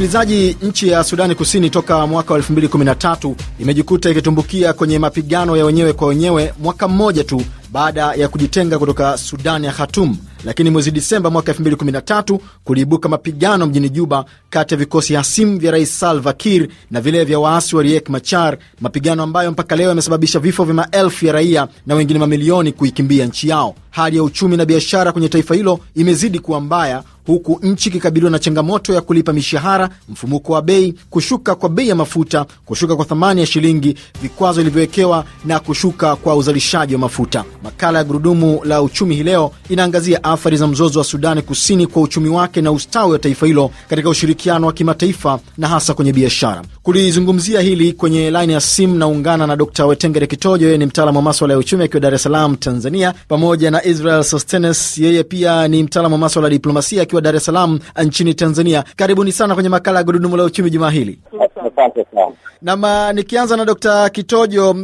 Msikilizaji, nchi ya Sudani Kusini toka mwaka wa 2013 imejikuta ikitumbukia kwenye mapigano ya wenyewe kwa wenyewe mwaka mmoja tu baada ya kujitenga kutoka Sudan ya Khartoum, lakini mwezi Disemba mwaka 2013 kuliibuka mapigano mjini Juba kati ya vikosi hasimu vya Rais Salva Kiir na vile vya waasi wa Riek Machar, mapigano ambayo mpaka leo yamesababisha vifo vya maelfu ya raia na wengine mamilioni kuikimbia nchi yao. Hali ya uchumi na biashara kwenye taifa hilo imezidi kuwa mbaya huku nchi ikikabiliwa na changamoto ya kulipa mishahara, mfumuko wa bei, kushuka kwa bei ya mafuta, kushuka kwa thamani ya shilingi, vikwazo vilivyowekewa na kushuka kwa uzalishaji wa mafuta. Makala ya Gurudumu la Uchumi hii leo inaangazia athari za mzozo wa Sudani Kusini kwa uchumi wake na ustawi wa taifa hilo katika ushirikiano wa kimataifa na hasa kwenye biashara. Kulizungumzia hili kwenye laini ya simu naungana na Dr Wetengere Kitojo, yeye ni mtaalamu wa maswala ya uchumi akiwa Dar es Salaam, Tanzania, pamoja na Israel Sostenes, yeye pia ni mtaalamu wa maswala ya diplomasia akiwa Dar es Salaam nchini Tanzania. Karibuni sana kwenye makala ya Gurudumu la Uchumi jumaa hili. Asante sana. Nam, uh, nikianza na Dkt. Kitojo, uh,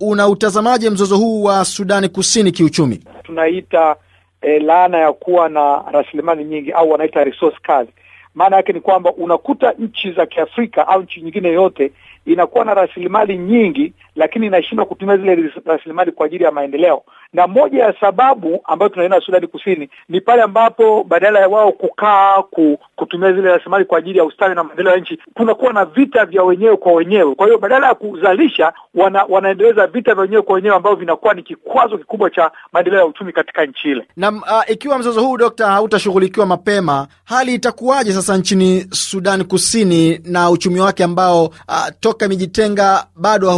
unautazamaje mzozo huu wa Sudani Kusini kiuchumi? Tunaita e, laana ya kuwa na rasilimali nyingi au wanaita resource Maana yake ni kwamba unakuta nchi za Kiafrika au nchi nyingine yoyote inakuwa na rasilimali nyingi, lakini inashindwa kutumia zile rasilimali kwa ajili ya maendeleo na moja ya sababu ambayo tunaiona Sudani Kusini ni pale ambapo badala ya wao kukaa ku, kutumia zile rasilimali kwa ajili ya ustawi na maendeleo ya nchi kunakuwa na vita vya wenyewe kwa wenyewe. Kwa hiyo badala ya kuzalisha wana, wanaendeleza vita vya wenyewe kwa wenyewe ambavyo vinakuwa ni kikwazo kikubwa cha maendeleo ya uchumi katika nchi ile. Na uh, ikiwa mzozo huu Dokta hautashughulikiwa mapema, hali itakuwaje sasa nchini Sudani Kusini na uchumi wake ambao uh, toka imejitenga bado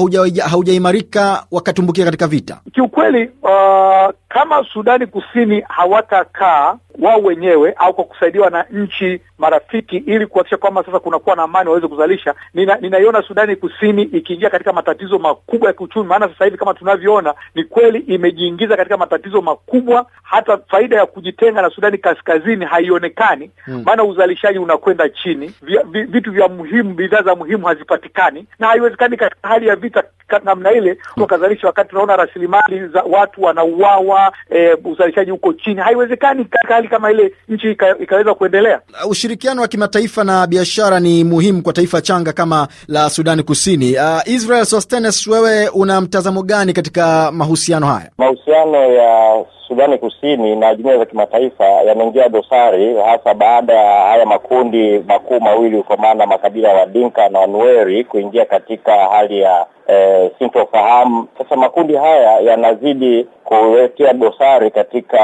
haujaimarika hauja wakatumbukia katika vita kiukweli uh, a uh, kama Sudani Kusini hawatakaa wao wenyewe au kwa kusaidiwa na nchi marafiki ili kuhakikisha kwamba sasa kunakuwa na amani waweze kuzalisha, ninaiona nina Sudani Kusini ikiingia katika matatizo makubwa ya kiuchumi. Maana sasa hivi kama tunavyoona, ni kweli imejiingiza katika matatizo makubwa, hata faida ya kujitenga na Sudani Kaskazini haionekani, hmm. maana hmm, uzalishaji unakwenda chini, vya, vitu vya muhimu, bidhaa za muhimu hazipatikani, na haiwezekani katika hali ya vita namna ile wakazalisha, hmm. wakati tunaona rasilimali za watu wanauawa e, uzalishaji uko chini, haiwezekani hali kama ile nchi ikaweza kuendelea. Uh, ushirikiano wa kimataifa na biashara ni muhimu kwa taifa changa kama la Sudani Kusini. Uh, Israel Sostenes, wewe una mtazamo gani katika mahusiano haya? Mahusiano ya Sudani Kusini na jumuiya za kimataifa yameingia dosari, hasa baada ya haya makundi makuu mawili kwa maana makabila ya Wadinka na Wanueri kuingia katika hali ya E, sintofahamu. Sasa makundi haya yanazidi kuletea dosari katika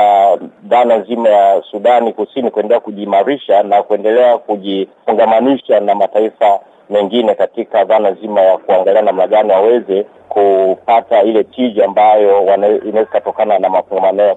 dhana nzima ya Sudani Kusini kuendelea kujiimarisha na kuendelea kujifungamanisha na mataifa mengine katika dhana zima ya kuangalia namna gani waweze kupata ile tija ambayo inaweza ikatokana na mapambano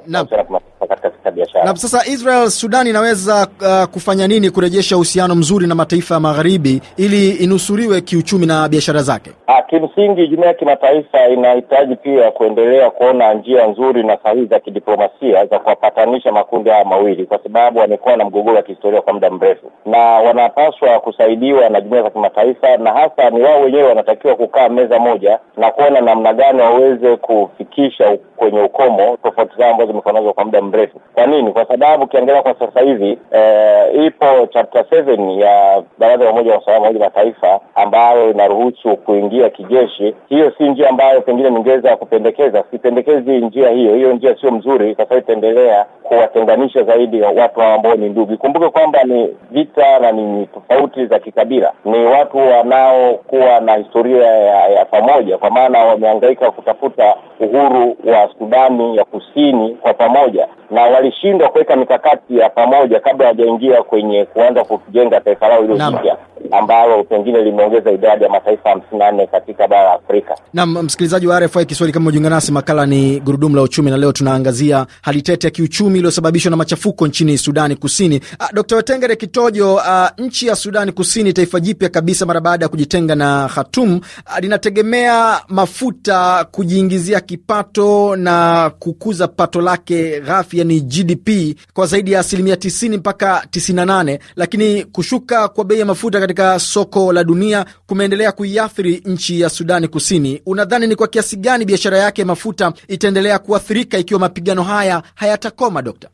katika sekta biashara. Na sasa Israel Sudan inaweza uh, kufanya nini kurejesha uhusiano mzuri na mataifa ya magharibi ili inusuriwe kiuchumi na biashara zake? Ah, kimsingi, jumuiya ya kimataifa inahitaji pia kuendelea kuona njia nzuri na sahihi za kidiplomasia za kuwapatanisha makundi haya mawili, kwa sababu wamekuwa na mgogoro wa kihistoria kwa muda mrefu na wanapaswa kusaidiwa na jumuiya za kimataifa taifa, na hasa ni wao wenyewe wanatakiwa kukaa meza moja na kuona namna gani waweze kufikisha kwenye ukomo tofauti zao ambazo nazo kwa muda mrefu. Kwa nini? Kwa sababu ukiangalia kwa sasa hivi eh, ipo chapter seven ya Baraza la Umoja wa Usalama wa Umoja Mataifa ambayo inaruhusu kuingia kijeshi. Hiyo si njia ambayo pengine ningeweza kupendekeza, sipendekezi njia hiyo. Hiyo njia sio mzuri, kwa sababu itaendelea kuwatenganisha zaidi watu ambao ni ndugu. Ikumbuke kwamba ni vita na ni tofauti za kikabila, ni watu watu wanaokuwa na historia ya, ya pamoja, kwa maana wamehangaika kutafuta uhuru wa Sudani ya Kusini kwa pamoja, na walishindwa kuweka mikakati ya pamoja kabla hawajaingia kwenye kuanza kujenga taifa lao hilo jipya ambalo pengine limeongeza idadi ya mataifa hamsini na nne katika bara la Afrika. Naam, msikilizaji wa RFI Kiswahili, kama ujiunga nasi, makala ni gurudumu la uchumi, na leo tunaangazia hali tete ya kiuchumi iliyosababishwa na machafuko nchini Sudani Kusini. Uh, ah, Dkt. Wetengere Kitojo, a, ah, nchi ya Sudani Kusini, taifa jipya kabisa mara baada ya kujitenga na Khartoum, ah, linategemea mafuta kujiingizia kipato na kukuza pato lake ghafi, yani GDP, kwa zaidi ya asilimia 90 mpaka 98, lakini kushuka kwa bei ya mafuta katika katika soko la dunia kumeendelea kuiathiri nchi ya Sudani Kusini. Unadhani ni kwa kiasi gani biashara yake ya mafuta itaendelea kuathirika ikiwa mapigano haya hayatakoma, Dokta?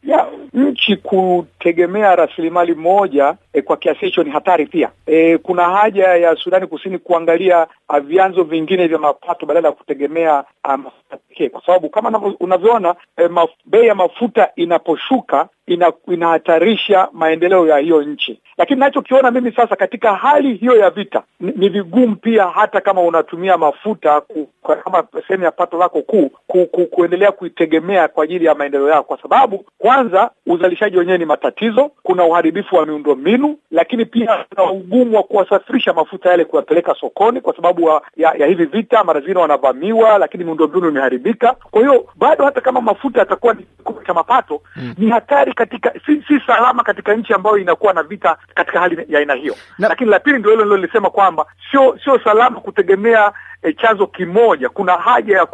nchi kutegemea rasilimali moja e, kwa kiasi hicho ni hatari pia. E, kuna haja ya Sudani Kusini kuangalia ah, vyanzo vingine vya mapato badala ya kutegemea ah, mafuta pekee, kwa sababu kama unavyoona e, eh, maf, bei ya mafuta inaposhuka ina, inahatarisha maendeleo ya hiyo nchi. Lakini nachokiona mimi sasa katika hali hiyo ya vita ni, ni vigumu pia hata kama unatumia mafuta ku kwa kama sehemu ya pato lako kuu ku, ku, kuendelea kuitegemea kwa ajili ya maendeleo yako, kwa sababu kwanza uzalishaji wenyewe ni matatizo, kuna uharibifu wa miundo mbinu lakini pia kuna ugumu wa kuwasafirisha mafuta yale kuyapeleka sokoni kwa sababu wa, ya, ya hivi vita, mara zingine wanavamiwa, lakini miundombinu imeharibika. Kwa hiyo bado hata kama mafuta yatakuwa ni kikubwa cha mapato mm, ni hatari katika, si, si salama katika nchi ambayo inakuwa na vita katika hali ya aina hiyo Lakini la pili ndio hilo nilolisema kwamba sio sio salama kutegemea e, chanzo kimoja, kuna haja ya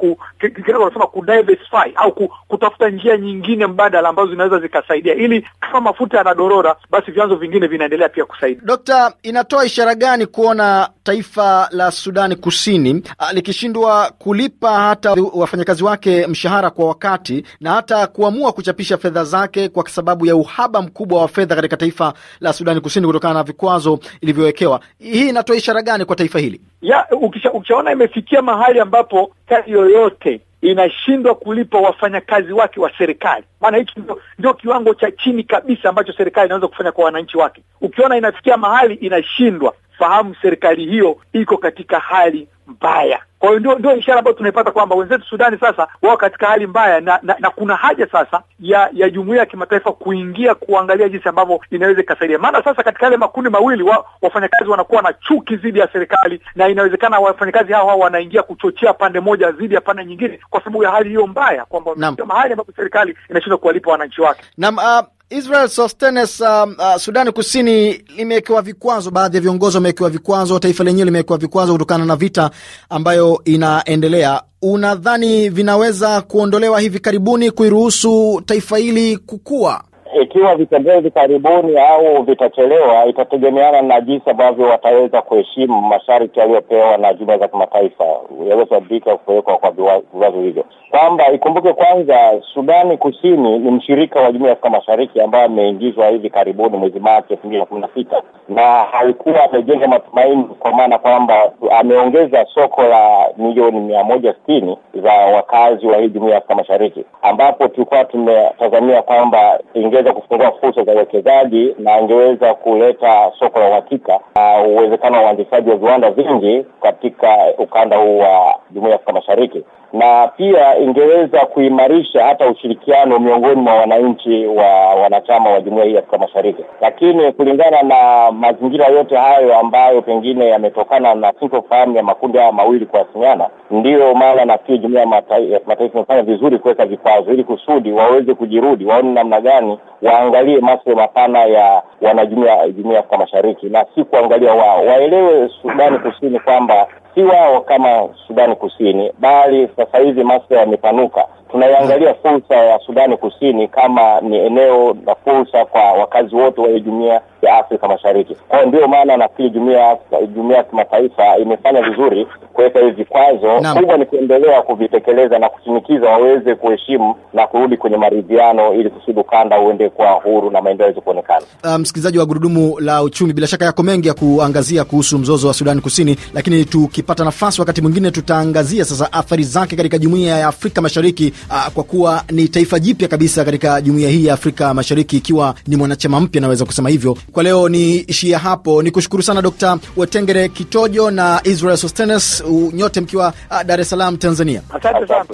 wanasema ku diversify au ku, kutafuta njia nyingine mbadala ambazo zinaweza zikasaidia, ili kama mafuta yanadorora, basi vyanzo vingine vinaendelea pia kusaidia. Dokta, inatoa ishara gani kuona taifa la Sudani Kusini likishindwa kulipa hata wafanyakazi wake mshahara kwa wakati na hata kuamua kuchapisha fedha zake kwa sababu ya uhaba mkubwa wa fedha katika taifa la Sudani Kusini kutokana na vikwazo ilivyowekewa. Hii inatoa ishara gani kwa taifa hili? Ya, ukisha, ukishaona imefikia mahali ambapo kazi yoyote inashindwa kulipa wafanyakazi wake wa serikali, maana hichi ndio kiwango cha chini kabisa ambacho serikali inaweza kufanya kwa wananchi wake. Ukiona inafikia mahali inashindwa, fahamu serikali hiyo iko katika hali mbaya. Kwa hiyo ndio ndio ishara ambayo tunaipata kwamba wenzetu Sudani sasa wao katika hali mbaya na, na, na kuna haja sasa ya ya jumuiya ya kimataifa kuingia kuangalia jinsi ambavyo inaweza ikasaidia, maana sasa katika yale makundi mawili wa, wafanyakazi wanakuwa na chuki dhidi ya serikali na inawezekana wafanyakazi hao hao wanaingia kuchochea pande moja dhidi ya pande nyingine kwa sababu ya hali hiyo mbaya, kwamba mahali ambapo serikali inashindwa kuwalipa wananchi wake. Naam, uh, Israel Sostenes, um, uh, Sudani Kusini limewekewa vikwazo, baadhi ya viongozi wamewekewa vikwazo, taifa lenyewe limewekewa vikwazo kutokana na vita ambayo inaendelea. Unadhani vinaweza kuondolewa hivi karibuni kuiruhusu taifa hili kukua? ikiwa hivi karibuni au vitachelewa, itategemeana na jinsi ambavyo wataweza kuheshimu masharti yaliyopewa na jumuiya za kimataifa yaliyosababika kuwekwa kwa viwazo hivyo, kwamba ikumbuke kwanza, Sudani Kusini ni mshirika wa jumuiya ya Afrika Mashariki ambaye ameingizwa hivi karibuni mwezi Machi elfu mbili na kumi na sita na alikuwa amejenga matumaini kwa maana kwamba ameongeza soko la milioni mia moja sitini za wakazi wa hii jumuiya ya Afrika Mashariki, ambapo tulikuwa tumetazamia kwamba inge angeweza kufungua fursa za uwekezaji na angeweza kuleta soko la uhakika na uwezekano wa uanzishaji wa viwanda vingi katika ukanda huu wa Jumuiya ya Afrika Mashariki, na pia ingeweza kuimarisha hata ushirikiano miongoni mwa wananchi wa wanachama wa Jumuiya hii ya Afrika Mashariki. Lakini kulingana na mazingira yote hayo ambayo pengine yametokana na sintofahamu ya makundi haya mawili kuhasimiana, ndiyo maana nafikiri Jumuiya ya Kimataifa imefanya vizuri kuweka vikwazo ili kusudi waweze kujirudi, waone namna gani waangalie maslahi mapana ya wanajumuiya jumuiya ya Afrika Mashariki na si kuangalia wao. Waelewe Sudani Kusini kwamba si wao kama Sudani Kusini, bali sasa hivi maslahi yamepanuka. Tunaiangalia fursa ya Sudani Kusini kama ni eneo la fursa kwa wakazi wote wa jumuiya ya Afrika Mashariki. Kwa hiyo ndio maana nafikiri jumuiya jumuiya ya kimataifa imefanya vizuri kuweka hivi vikwazo. Kubwa ni kuendelea kuvitekeleza na kushinikiza waweze kuheshimu na kurudi kwenye maridhiano, ili kusudi ukanda uende kwa huru na maendeleo yaweze kuonekana. Ah, msikilizaji um, wa gurudumu la uchumi, bila shaka yako mengi ya kuangazia kuhusu mzozo wa Sudani Kusini, lakini tukipata nafasi wakati mwingine tutaangazia sasa athari zake katika jumuiya ya Afrika Mashariki uh, kwa kuwa ni taifa jipya kabisa katika jumuiya hii ya Afrika Mashariki, ikiwa ni mwanachama mpya, naweza kusema hivyo kwa leo ni ishia hapo, ni kushukuru sana dokt Wetengere Kitojo na Israel Sostenes, nyote mkiwa Dar es Salaam, Tanzania. Asante sana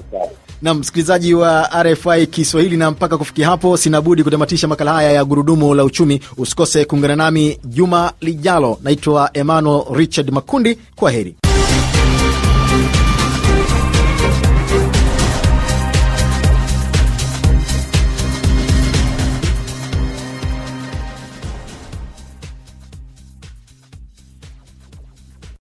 na msikilizaji wa RFI Kiswahili. Na mpaka kufikia hapo, sina budi kutamatisha makala haya ya gurudumu la uchumi. Usikose kuungana nami juma lijalo. Naitwa Emmanuel Richard Makundi, kwa heri.